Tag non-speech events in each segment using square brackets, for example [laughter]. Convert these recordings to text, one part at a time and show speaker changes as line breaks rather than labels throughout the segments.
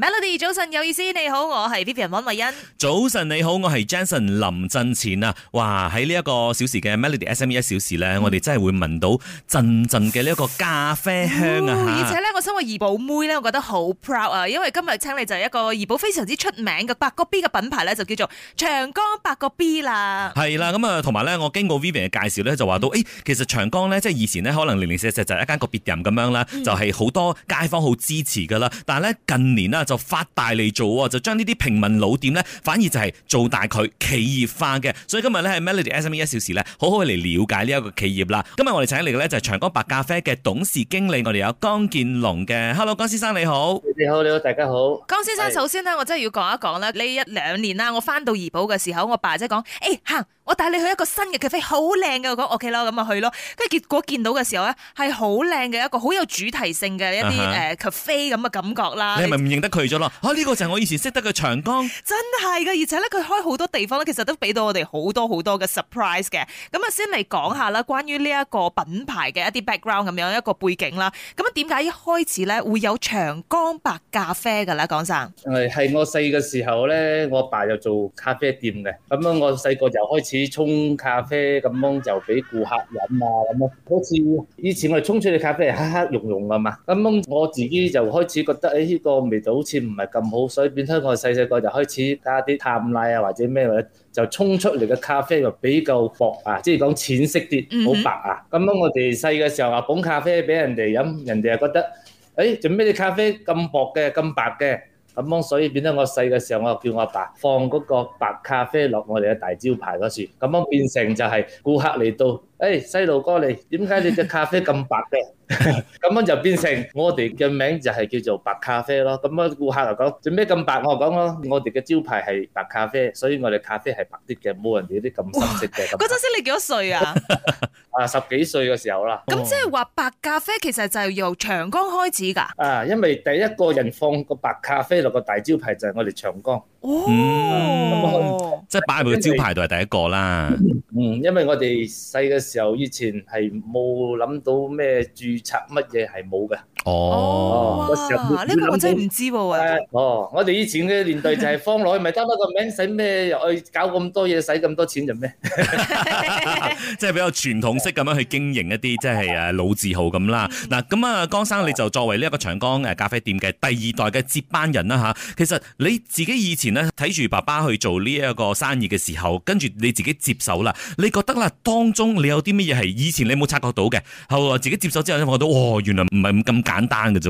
Melody，早晨有意思，你好，我係 Vivian 溫慧欣。
早晨你好，我係 Jenson 林振前啊！哇，喺呢一個小時嘅 Melody S M E 一小時呢，我哋真係會聞到陣陣嘅呢一個咖啡香啊！而且
呢，我身為怡寶妹呢，我覺得好 proud 啊！因為今日請你就係一個怡寶非常之出名嘅八個 B 嘅品牌呢，就叫做長江八個 B 啦。
係啦，咁啊，同埋呢，我經過 Vivian 嘅介紹呢，就話到誒，其實長江呢，即係以前呢，可能零零四四就係一間個別人咁樣啦，就係好多街坊好支持噶啦。但係呢，近年啦。就發大嚟做，就將呢啲平民老店呢，反而就係做大佢企業化嘅，所以今日呢，係 Melody SME 一小時呢，好好嚟了解呢一個企業啦。今日我哋請嚟嘅呢，就係、是、長江白咖啡嘅董事經理，我哋有江建龍嘅。Hello，江先生你好，你好，你好，大家好。江先生，是首先
呢，我真係要講一講啦。呢一兩年啦，我翻到怡保嘅時候，我爸姐講，誒、欸，行。我帶你去一個新嘅咖啡，好靚嘅，我講 OK 啦，咁啊去咯。跟住結果見到嘅時候咧，係好靚嘅一個好有主題性嘅一啲誒 cafe 咁嘅感覺啦。你係咪唔
認得佢咗咯？呢、啊呢個就係我以前識得嘅長江。
真係嘅，而且咧佢開好多地方咧，其實都俾到我哋好多好多嘅 surprise 嘅。咁啊，先嚟講下啦，關於呢一個品牌嘅一啲 background 咁樣一個背景啦。咁啊，點解一開始咧會有長江白咖啡嘅咧？講曬
誒，係我細嘅時候咧，我爸又做咖啡店嘅，咁樣我細個就開始。你沖咖啡咁樣就俾顧客飲
啊。咁啊，好似
以前我哋沖出嚟咖啡係黑黑溶溶噶嘛，咁樣我自己就開始覺得誒呢個味道好似唔係咁好，所以變咗我細細個就開始加啲淡奶啊或者咩嘅，就沖出嚟嘅咖啡就比較薄啊，即係講淺色啲，好白啊。咁樣我哋細嘅時候話捧咖啡俾人哋飲，人哋又覺得誒做咩啲咖啡咁薄嘅，咁白嘅？咁樣所以變咗我細嘅時候，我就叫我阿爸爸放嗰個白咖啡落我哋嘅大招牌嗰處，咁樣變成就係顧客嚟到。誒，細路哥、哎、你點解你隻咖啡咁白嘅？咁 [laughs] 樣就變成我哋嘅名就係叫做白咖啡咯。咁樣顧客又講：做咩咁白？我講咯，我哋嘅招牌係白咖啡，所以我哋咖啡係白啲嘅，冇人哋啲咁深色嘅。嗰陣時
你幾多歲啊？
[laughs] 啊，十幾歲嘅時候啦。咁即係
話白咖啡其實就由長江開始㗎。啊，
因為第一個人放個白咖啡落個大招牌就係我哋長江。哦，即係擺入個招牌度係第一
個啦。
嗯，因為我哋細嘅時候以前係冇諗到咩注冊乜嘢係冇嘅。
哦，哇！呢個我真係唔知喎，哦，
我哋以前嘅年代就係方來，咪得翻個名，使咩又去搞咁多嘢，使咁多錢就
咩？即係比較傳統式咁樣去經營一啲即係誒老字號咁啦。嗱，咁啊，江生你就作為呢一個長江誒咖啡店嘅第二代嘅接班人啦吓。其實你自己以前咧睇住爸爸去做呢一個生意嘅時候，跟住你自己接手啦，你覺得啦當中你有啲乜嘢係以前你冇察覺到嘅，後來自己接手之後咧，發覺到，哇，原來唔係咁咁。簡單嘅啫，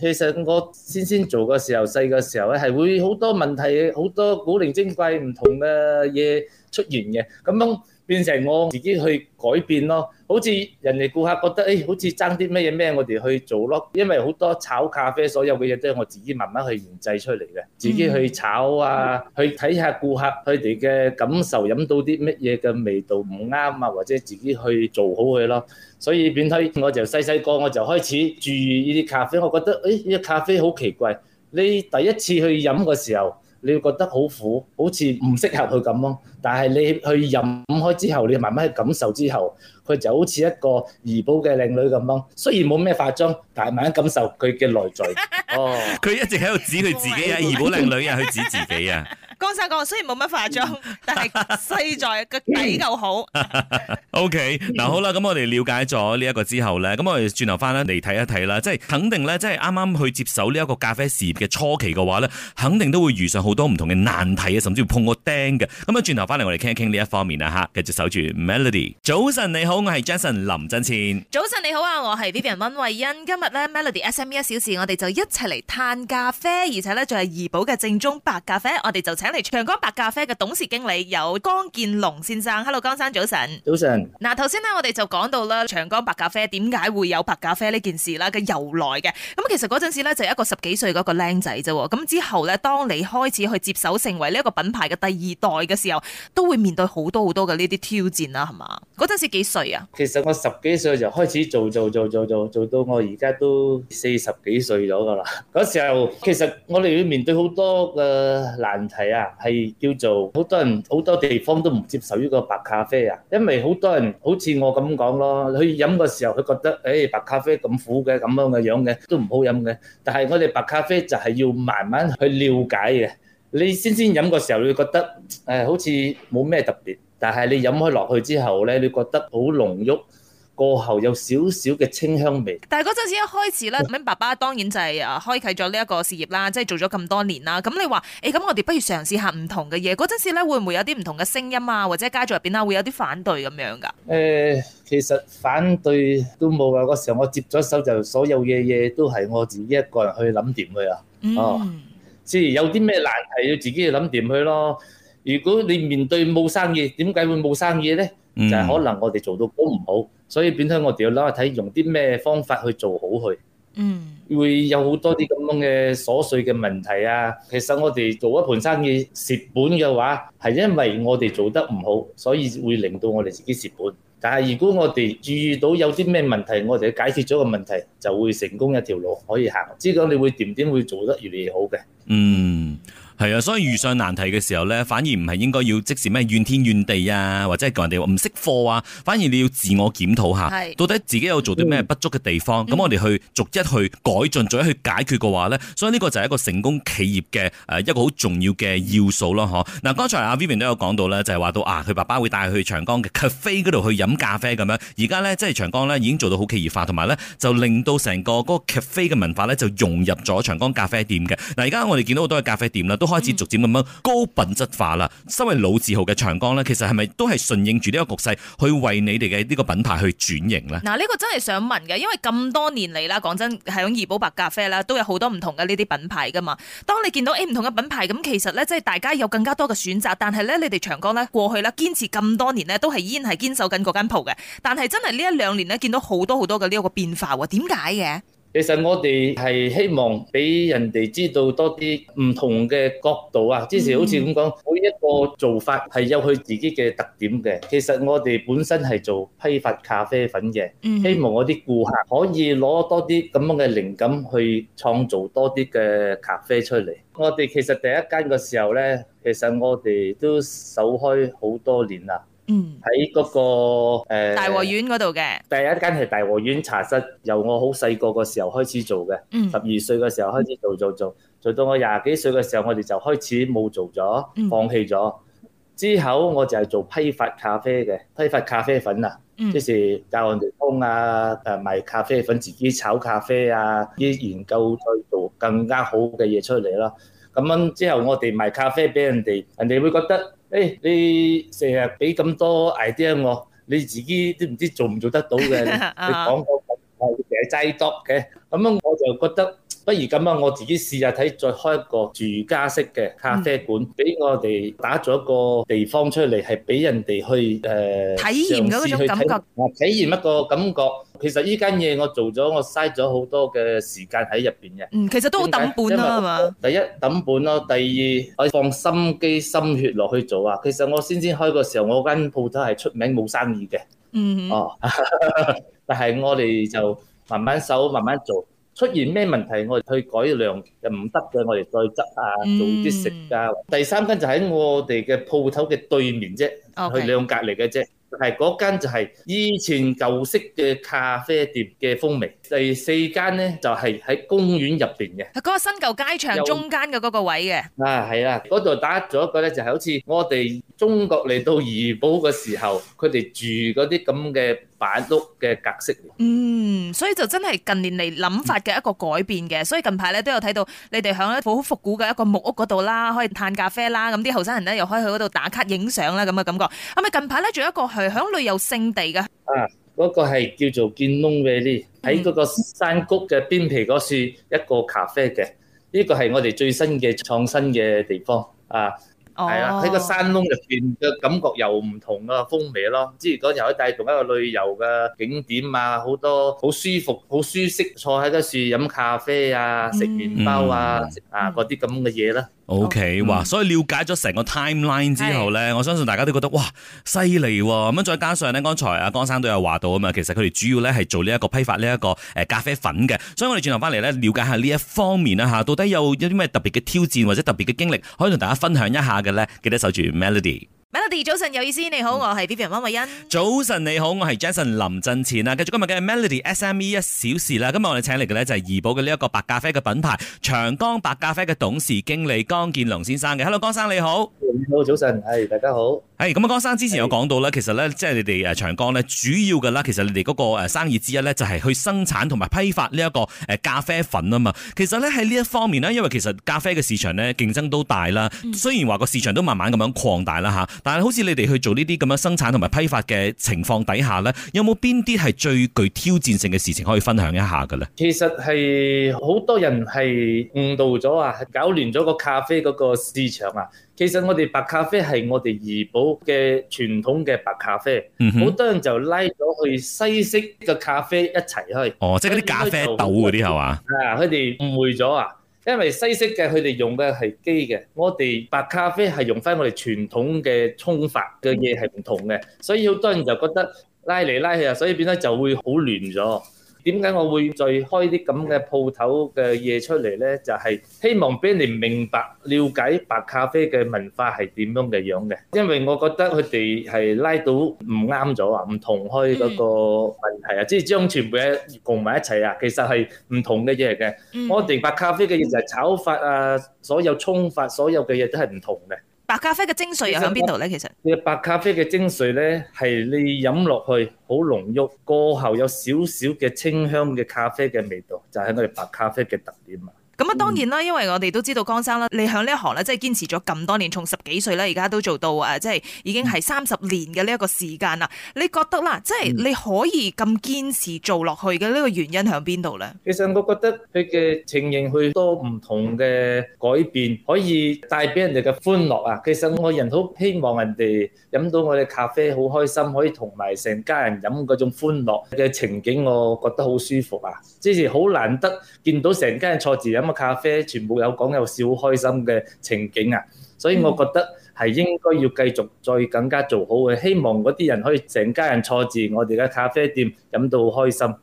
其實我先先做嘅時候，細個時候咧，係會好多問題，好多古靈精怪唔同嘅嘢出現嘅，咁樣。變成我自己去改變咯，好似人哋顧客覺得，誒、欸、好似爭啲咩嘢咩，我哋去做咯。因為好多炒咖啡所有嘅嘢都係我自己慢慢去研製出嚟嘅，自己去炒啊，嗯、去睇下顧客佢哋嘅感受，飲到啲乜嘢嘅味道唔啱啊，或者自己去做好佢咯。所以變成，我就細細個我就開始注意呢啲咖啡，我覺得誒呢啲咖啡好奇怪，你第一次去飲嘅時候。你覺得好苦，好似唔適合佢咁咯。但係你去飲開之後，你慢慢去感受之後，佢就好似一個怡保嘅靚女咁咯。雖然冇咩化妝，但係慢慢感受佢嘅內在。
哦，佢一直喺度指佢自己啊，怡保靚女啊，佢指自己啊。 [laughs]
真係講，雖然冇乜化妝，但係細在個 [laughs] 底夠好 [laughs] okay,、
嗯。O K，嗱好啦，咁我哋了解咗呢一個之後咧，咁我哋轉頭翻咧嚟睇一睇啦。即係肯定咧，即係啱啱去接手呢一個咖啡事業嘅初期嘅話咧，肯定都會遇上好多唔同嘅難題啊，甚至會碰個釘嘅。咁啊，轉頭翻嚟我哋傾一傾呢一方面啊，吓，繼續守住 Melody。早晨你好，我係 Jason 林振前。
早晨你好啊，我係 Vivian 温慧欣。今日咧 Melody S M E 一小時，我哋就一齊嚟嘆咖啡，而且咧仲係怡寶嘅正宗白咖啡，我哋就請嚟。長江白咖啡嘅董事經理由江建龍先生，Hello 江生，早晨。早晨。嗱晨，頭先呢，我哋就講到啦，長江白咖啡點解會有白咖啡呢件事啦嘅由來嘅。咁其實嗰陣時咧就係一個十幾歲嗰個僆仔啫。咁之後咧，當你開始去接手成為呢一個品牌嘅第二代嘅時候，都會面對好多好多嘅呢啲挑戰啦，係嘛？嗰陣時幾歲啊？
其實我十幾歲就開始做做，做做做做做，做到我而家都四十幾歲咗噶啦。嗰 [laughs] 時候其實我哋要面對好多嘅難題啊。係叫做好多人好多地方都唔接受呢個白咖啡啊，因為好多人好似我咁講咯，佢飲嘅時候佢覺得，誒、欸、白咖啡咁苦嘅咁樣嘅樣嘅都唔好飲嘅。但係我哋白咖啡就係要慢慢去了解嘅。你先先飲嘅時候你你，你覺得誒好似冇咩特別，但係你飲開落去之後咧，你覺得好濃郁。過後有少少嘅清香味，
但係嗰陣時一開始咧，爸爸當然就係啊，開啟咗呢一個事業啦，即係做咗咁多年啦。咁你話誒咁，我哋不如嘗試下唔同嘅嘢。嗰陣時咧，會唔會有啲唔同嘅聲音啊，或者家族入邊啊，會有啲反對咁樣㗎？誒，
其實反對都冇啊。嗰時候我接咗手就所有嘅嘢都係我自己一個人去諗掂佢啊。哦，即係有啲咩難題要自己去諗掂佢咯。如果你面對冇生意，點解會冇生意咧？就係可能我哋做到好唔好？所以變態，我哋要諗下睇用啲咩方法去做好佢。嗯，會有好多啲咁樣嘅瑣碎嘅問題啊。其實我哋做一盤生意蝕本嘅話，係因為我哋做得唔好，所以會令到我哋自己蝕本。但係如果我哋注意到有啲咩問題，我哋解決咗個問題，就會成功一條路可以行。知道你會點點會做得越嚟越好嘅。嗯。
係啊，所以遇上難題嘅時候咧，反而唔係應該要即時咩怨天怨地啊，或者叫人哋話唔識貨啊，反而你要自我檢討下，到底自己有做啲咩不足嘅地方？咁我哋去逐一去改進，逐一去解決嘅話咧，所以呢個就係一個成功企業嘅誒一個好重要嘅要素咯，嗬。嗱，剛才阿 Vivian 都有講到咧，就係話到啊，佢爸爸會帶佢去長江嘅 cafe 嗰度去飲咖啡咁樣。而家咧，即係長江咧已經做到好企業化，同埋咧就令到成個嗰個 cafe 嘅文化咧就融入咗長江咖啡店嘅。嗱，而家我哋見到好多嘅咖啡店啦，開始逐漸咁樣高品質化啦，身為老字號嘅長江呢，其實係咪都係順應住呢個局勢去為你哋嘅呢個品牌去轉型呢？
嗱、啊，呢、呢個真係想問嘅，因為咁多年嚟啦，講真係講怡保白咖啡啦，都有好多唔同嘅呢啲品牌噶嘛。當你見到誒唔、哎、唔同嘅品牌，咁其實呢，即係大家有更加多嘅選擇，但係呢，你哋長江呢，過去啦堅持咁多年呢，都係依然係堅守緊嗰間鋪嘅，但係真係呢一兩年呢，見到好多好多嘅呢個變化，點解嘅？
其實我哋係希望俾人哋知道多啲唔同嘅角度啊。之前好似咁講，每一個做法係有佢自己嘅特點嘅。其實我哋本身係做批發咖啡粉嘅，希望我啲顧客可以攞多啲咁樣嘅靈感去創造多啲嘅咖啡出嚟。我哋其實第一間嘅時候呢，其實我哋都守開好多年啦。嗯，喺嗰、嗰個、呃、大和苑嗰度嘅第一間係大和苑茶室，由我好細個個時候開始做嘅，十二、嗯、歲嘅時候開始做做做，做到我廿幾歲嘅時候，我哋就開始冇做咗，放棄咗。嗯、之後我就係做批發咖啡嘅，批發咖啡粉啊，即、嗯、係教人哋沖啊，誒賣咖啡粉，自己炒咖啡啊，啲研究再做更加好嘅嘢出嚟囉。咁樣之後我哋賣咖啡俾人哋，人哋會覺得。誒，hey, 你成日俾咁多 idea 我，你自己都唔知,知做唔做得到嘅。你講到咁，係成日齋讀嘅，咁樣我就覺得，不如咁啊，我自己試下睇，再開一個住家式嘅咖啡館，俾、嗯、我哋打咗一個地方出嚟，係俾人哋去誒，呃、體驗嗰種感覺。我體驗一個感覺。其實呢間嘢我做咗，我嘥咗好多嘅時間喺入邊嘅。嗯，
其實都好抌本啦，係嘛？
第一抌本咯，第二我放心機心血落去做啊。其實我先先開個時候，我間鋪頭係出名冇生意嘅。
嗯。哦。
但係我哋就慢慢手，慢慢做。出現咩問題，我哋去改良又唔得嘅，我哋再執啊，做啲食啊。第三間就喺我哋嘅鋪頭嘅對面啫，去兩隔離嘅啫。係嗰間就係以前舊式嘅咖啡店嘅風味。第四間咧就係喺公園入邊嘅。係
嗰個新舊街場中間嘅嗰個位嘅。
啊，係啊，嗰度打咗一個咧，就係好似我哋中國嚟到怡保嘅時候，佢哋住嗰啲咁嘅。板屋嘅格式，嗯，
所以就真係近年嚟諗法嘅一個改變嘅，所以近排咧都有睇到你哋響一棟好復古嘅一個木屋嗰度啦，可以歎咖啡啦，咁啲後生人咧又可以去嗰度打卡影相啦，咁嘅感覺，係咪近排咧仲有一個係響旅遊勝地嘅？
啊，嗰個係叫做建龍 Valley，喺嗰個山谷嘅邊皮嗰處一個咖啡嘅，呢個係我哋最新嘅創新嘅地方啊。係啦，喺、oh. 個山窿入邊嘅感覺又唔同嘅風味咯，之前講又可以帶動一個旅遊嘅景點啊，好多好舒
服，好舒適，坐喺個樹飲咖啡啊，食麵包啊，mm hmm. 啊嗰啲咁嘅嘢啦。O、K，哇！所以了解咗成個 timeline 之後呢，是的 我相信大家都覺得哇，犀利。咁再加上呢，剛才阿江生都有話到啊嘛，其實佢哋主要呢係做呢一個批發呢一個誒咖啡粉嘅。所以我哋轉頭翻嚟呢，了解下呢一方面啦吓，到底有有啲咩特別嘅挑戰或者特別嘅經歷，可以同大家分享一下嘅呢？記得守住 Melody。
Hello Melody 早晨有意思，你好，我係 B B R 汪慧欣。嗯、
早晨你好，我係 Jason 林振前啊。繼續今日嘅 Melody S M E 一小時啦。今日我哋請嚟嘅咧就係怡保嘅呢一個白咖啡嘅品牌長江白咖啡嘅董事經理江建龍先生嘅。Hello，江生你好。你
好，早晨。係，大家好。
誒，咁、hey，江生之前有講到咧，其實咧，即係你哋誒長江咧，主要嘅啦，其實你哋嗰個誒生意之一咧，就係、是、去生產同埋批發呢一個誒咖啡粉啊嘛。其實咧喺呢一方面咧，因為其實咖啡嘅市場咧競爭都大啦。雖然話個市場都慢慢咁樣擴大啦吓，但係好似你哋去做呢啲咁樣生產同埋批發嘅情況底下咧，有冇邊啲係最具挑戰性嘅事情可以分享一下㗎咧？
其實係好多人係誤導咗啊，搞亂咗個咖啡嗰個市場啊。其實我哋白咖啡係我哋怡保嘅傳統嘅白咖啡，好、嗯、哼多人就拉咗去西式嘅咖啡一齊去。
哦，即係嗰啲咖啡豆嗰啲係
嘛？啊了，佢哋誤會咗啊！因為西式嘅佢哋用嘅係機嘅，我哋白咖啡係用翻我哋傳統嘅沖法嘅，嘢係唔同嘅，嗯、所以好多人就覺得拉嚟拉去啊，所以變得就會好亂咗。點解我會再開啲咁嘅鋪頭嘅嘢出嚟咧？就係、是、希望俾你明白了解白咖啡嘅文化係點樣嘅樣嘅。因為我覺得佢哋係拉到唔啱咗啊，唔同開嗰個問題啊，嗯、即係將全部嘢共埋一齊啊。其實係唔同嘅嘢嘅。我哋白咖啡嘅嘢就係炒法啊，所有沖法，所有嘅嘢都係唔同嘅。
白咖啡嘅精髓又喺邊度咧？
其實嘅白咖啡嘅精髓咧，係你飲落去好濃郁，過後有少少嘅清香嘅咖啡嘅味道，就係我哋白咖啡嘅特點啊！
咁啊，嗯、當然啦，因為我哋都知道江生啦，你響呢一行咧，即係堅持咗咁多年，從十幾歲啦，而家都做到啊，即係已經係三十年嘅呢一個時間啦。你覺得啦，即係你可以咁堅持做落去嘅、呢、這個原因響邊度咧？嗯、
其實我覺得佢嘅情形好多唔同嘅改變可以帶俾人哋嘅歡樂啊。其實我人好希望人哋飲到我哋咖啡好開心，可以同埋成家人飲嗰種歡樂嘅情景，我覺得好舒服啊。即係好難得見到成家人坐住飲。咁咖啡全部有講有笑好開心嘅情景啊！所以我覺得係應該要繼續再更加做好嘅，希望嗰啲人可以成家人坐住我哋嘅咖啡店飲到開心。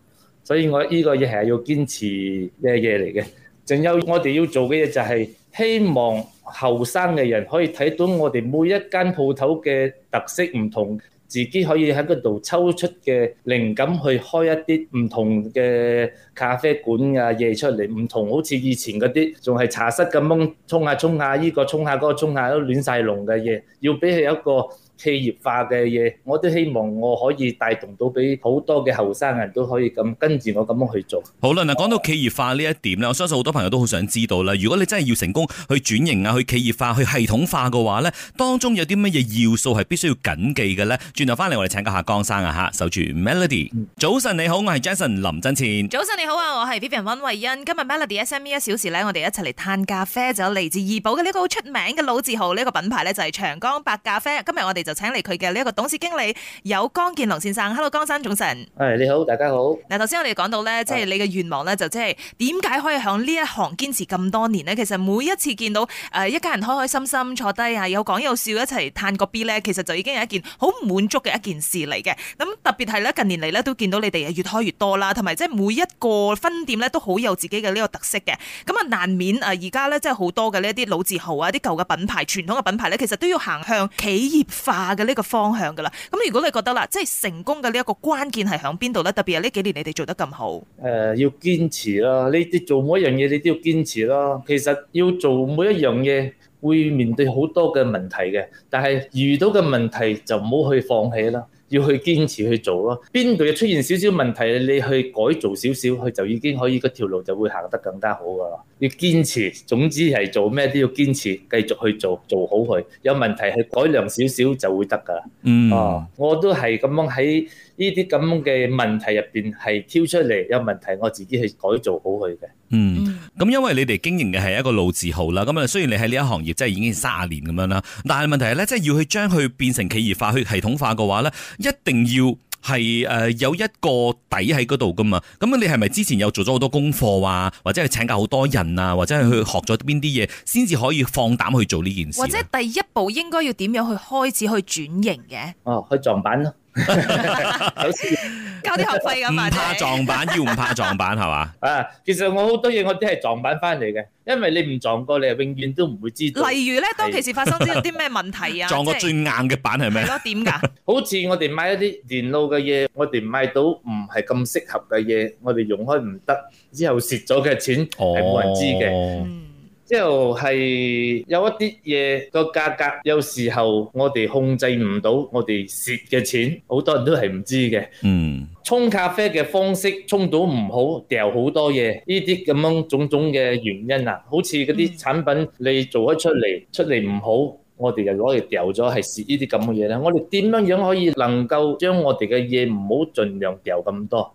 所以我呢個亦係要堅持咩嘢嚟嘅。仲有我哋要做嘅嘢就係希望後生嘅人可以睇到我哋每一間鋪頭嘅特色唔同。自己可以喺嗰度抽出嘅靈感去開一啲唔同嘅咖啡館啊嘢出嚟，唔同好似以前嗰啲仲係茶室咁掹沖下沖下，依個沖下嗰個沖下都亂晒龍嘅嘢，要俾佢一個。企業化嘅嘢，我都希望我可以帶動到俾好多嘅後生人都可以咁跟住我咁樣去做。
好啦，嗱講到企業化呢一點咧，我相信好多朋友都好想知道啦。如果你真係要成功去轉型啊，去企業化，去系統化嘅話咧，當中有啲乜嘢要素係必須要緊記嘅咧？轉頭翻嚟，我哋請教下江生啊嚇，守住 Melody。嗯、早晨你好，我係 Jason 林振前。早
晨你好啊，我係 Vivian 溫慧欣。今日 Melody S M E 一小時咧，我哋一齊嚟嘆咖啡，就有嚟自怡保嘅呢個好出名嘅老字號呢個品牌咧，就係長江白咖啡。今日我哋。就請嚟佢嘅呢一個董事經理有江建龍先生，Hello 江生總神，
係你好，大家好。
嗱，頭先我哋講到咧，即係 Hi. 你嘅願望咧，就即係點解可以喺呢一行堅持咁多年呢？其實每一次見到誒、呃、一家人開開心心坐低啊，有講有笑一齊嘆個 B 咧，其實就已經係一件好滿足嘅一件事嚟嘅。咁特別係咧，近年嚟咧都見到你哋越開越多啦，同埋即係每一個分店咧都好有自己嘅呢個特色嘅。咁啊難免啊而家咧即係好多嘅呢啲老字號啊、啲舊嘅品牌、傳統嘅品牌咧，其實都要行向企業化下嘅呢個方向噶啦，咁如果你覺得啦，即係成功嘅呢一個關鍵係響邊度咧？特別係呢幾年你哋做得咁好，
誒，要堅持啦，你哋做每一樣嘢你都要堅持啦。其實要做每一樣嘢，會面對好多嘅問題嘅，但係遇到嘅問題就唔好去放棄啦。要去堅持去做咯，邊度出現少少問題，你去改造少少，佢就已經可以，個條路就會行得更加好噶啦。要堅持，總之係做咩都要堅持，繼續去做，做好佢。有問題係改良少少就會得噶啦。哦、
mm，hmm.
我都係咁樣喺。呢啲咁嘅問題入邊係挑出嚟有問題，我自己去改造好佢嘅。嗯，
咁因為你哋經營嘅係一個老字號啦，咁啊雖然你喺呢一行業即係已經三十年咁樣啦，但係問題係咧，即係要去將佢變成企業化、去系統化嘅話咧，一定要係誒有一個底喺嗰度噶嘛。咁你係咪之前有做咗好多功課啊，或者係請教好多人啊，或者係去學咗邊啲嘢，先至可以放膽去做呢件事？或者
第一步應該要點樣去開始去轉型嘅？
哦，去撞板咯。有 [laughs] 事
交啲學費咁唔怕
撞板，要唔怕
撞板係嘛？ [laughs] 啊，其實我好多嘢我都係撞板翻嚟嘅，因為你唔撞過，你啊永遠都唔會知。例如咧，當其時發生咗
啲咩問題啊？ [laughs] 撞過最
硬嘅板係咩？點噶、 [laughs] 啊？好似我哋買一啲電腦嘅嘢，我哋買到唔係咁適合嘅嘢，我哋用開唔得，之後蝕咗嘅錢係冇人知嘅。哦嗯又係有一啲嘢個價格，有時候我哋控制唔到，我哋蝕嘅錢好多人都係唔知嘅。嗯，沖咖啡嘅方式沖到唔好，掉好多嘢，呢啲咁樣種種嘅原因啊，好似嗰啲產品你做得出嚟出嚟唔好，我哋就攞嚟掉咗，係蝕呢啲咁嘅嘢咧。我哋點樣樣可以能夠將我哋嘅嘢唔好盡量掉咁多？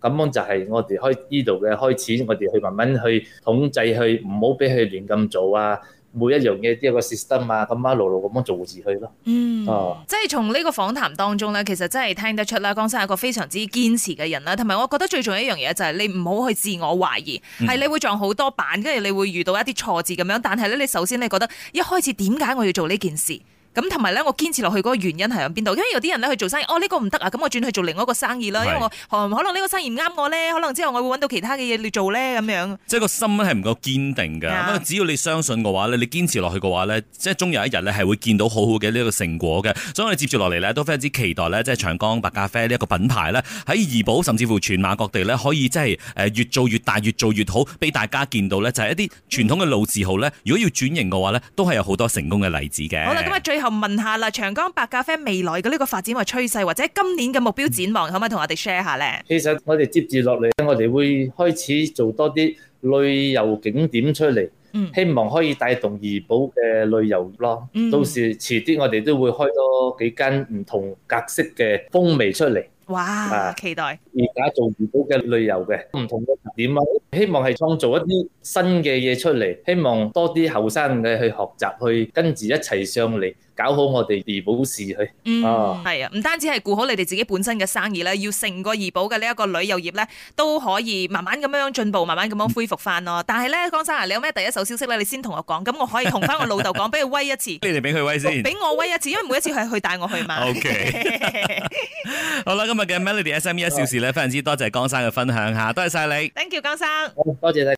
咁樣就係我哋開呢度嘅開始，我哋去慢慢去統計，去唔好俾佢亂咁做啊！每一樣嘢都有個 system 啊，咁樣陸陸咁樣做住去咯。嗯，啊，
即係從呢個訪談當中咧，其實真係聽得出啦，江生係一個非常之堅持嘅人啦。同埋我覺得最重要一樣嘢就係你唔好去自我懷疑，係你會撞好多板，跟住你會遇到一啲挫折咁樣。但係咧，你首先你覺得一開始點解我要做呢件事？咁同埋咧，我堅持落去嗰個原因係響邊度？因為有啲人咧去做生意，哦呢、呢個唔得啊，咁、嗯、我轉去做另一個生意啦。因為我可能呢個生意唔啱我咧，可能之後我會揾到其他嘅嘢嚟做咧，咁樣。
即係個心係唔夠堅定㗎。咁啊的，只要你相信嘅話咧，你堅持落去嘅話咧，即係終有一日咧係會見到好好嘅呢一個成果嘅。所以我哋接住落嚟咧都非常之期待咧，即係長江白咖啡呢一個品牌咧喺怡保甚至乎全馬各地咧可以即係誒越做越大越做越好，俾大家見到咧就係一啲傳統嘅老字號咧，如果要轉型嘅話咧，都係有好多成功嘅例子嘅。好啦，
今最後問下啦，長江白咖啡未來嘅呢個發展或趨勢，或者今年嘅目標展望，可唔可以同我哋 share 下咧？
其實我哋接住落嚟，我哋
會開始做多啲旅遊景點出嚟，希望可以帶動怡保嘅旅遊咯。到時遲啲，我哋都會開多幾間唔同格式嘅風味出嚟。
哇！期待。
而家做怡保嘅旅遊嘅唔同嘅點啊，希望係創造一啲新嘅嘢出嚟，希望多啲後生嘅去學習，去跟住一齊上嚟。搞好我哋怡保事。係、
嗯、啊，唔單止係顧好你哋自己本身嘅生意咧，要成個怡保嘅呢一個旅遊業咧都可以慢慢咁樣進步，慢慢咁樣恢復翻咯。但係咧，江生啊，你有咩第一手消息咧？你先同我講，咁我可以同翻我老豆講，俾佢威一次。你
俾佢威先。俾
我威一次，因為每一次佢係去帶我去嘛。O K。
好啦，今日嘅 Melody SME 一小時咧，非常之多謝江生嘅分享吓，多謝晒你。
thank you，江生。
多謝。